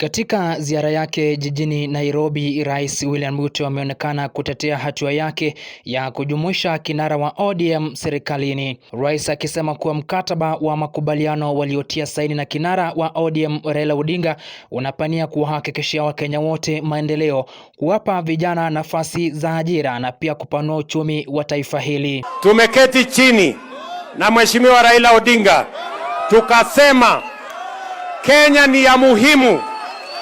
Katika ziara yake jijini Nairobi, Rais William Ruto ameonekana kutetea hatua yake ya kujumuisha kinara wa ODM serikalini. Rais akisema kuwa mkataba wa makubaliano waliotia saini na kinara wa ODM Raila Odinga unapania kuwahakikishia Wakenya wote maendeleo, kuwapa vijana nafasi za ajira na pia kupanua uchumi wa taifa hili. Tumeketi chini na Mheshimiwa Raila Odinga tukasema Kenya ni ya muhimu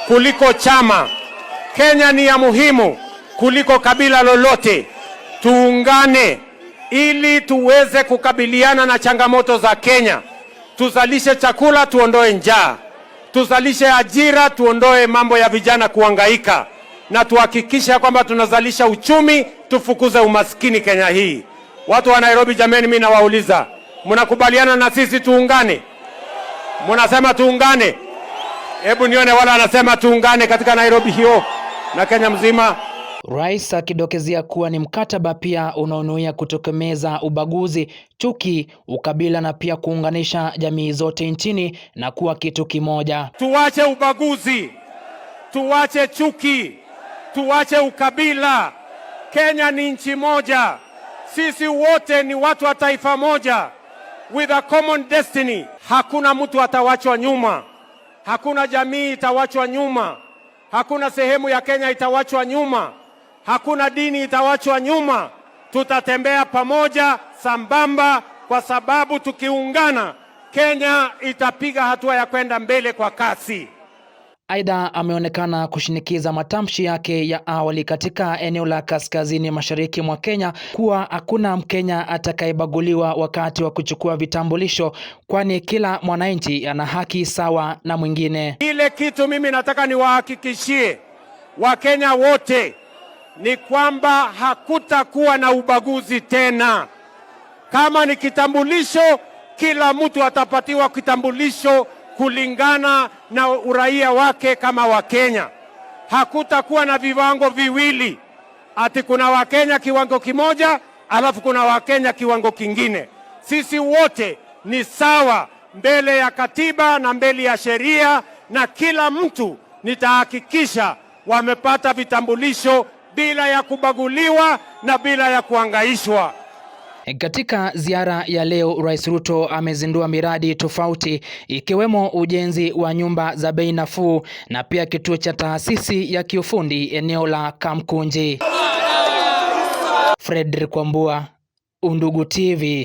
kuliko chama. Kenya ni ya muhimu kuliko kabila lolote. Tuungane ili tuweze kukabiliana na changamoto za Kenya. Tuzalishe chakula, tuondoe njaa, tuzalishe ajira, tuondoe mambo ya vijana kuangaika na tuhakikishe kwamba tunazalisha uchumi, tufukuze umaskini Kenya hii. Watu wa Nairobi, jameni, mimi nawauliza, mnakubaliana na sisi tuungane? Mnasema tuungane? Hebu nione wala anasema tuungane katika Nairobi hiyo na Kenya mzima. Rais akidokezea kuwa ni mkataba pia unaonuia kutokomeza ubaguzi, chuki, ukabila na pia kuunganisha jamii zote nchini na kuwa kitu kimoja. Tuwache ubaguzi, tuwache chuki, tuwache ukabila. Kenya ni nchi moja, sisi wote ni watu wa taifa moja with a common destiny. Hakuna mtu atawachwa nyuma. Hakuna jamii itawachwa nyuma, hakuna sehemu ya Kenya itawachwa nyuma, hakuna dini itawachwa nyuma. Tutatembea pamoja sambamba, kwa sababu tukiungana, Kenya itapiga hatua ya kwenda mbele kwa kasi. Aidha, ameonekana kushinikiza matamshi yake ya awali katika eneo la kaskazini mashariki mwa Kenya kuwa hakuna Mkenya atakayebaguliwa wakati wa kuchukua vitambulisho, kwani kila mwananchi ana haki sawa na mwingine. Ile kitu mimi nataka niwahakikishie Wakenya wote ni kwamba hakutakuwa na ubaguzi tena. Kama ni kitambulisho, kila mtu atapatiwa kitambulisho kulingana na uraia wake kama Wakenya. Hakutakuwa na viwango viwili, ati kuna Wakenya kiwango kimoja alafu kuna Wakenya kiwango kingine. Sisi wote ni sawa mbele ya katiba na mbele ya sheria, na kila mtu nitahakikisha wamepata vitambulisho bila ya kubaguliwa na bila ya kuangaishwa. Katika ziara ya leo, Rais Ruto amezindua miradi tofauti ikiwemo ujenzi wa nyumba za bei nafuu na pia kituo cha taasisi ya kiufundi eneo la Kamkunji. Fredrick Kwambua, Undugu TV.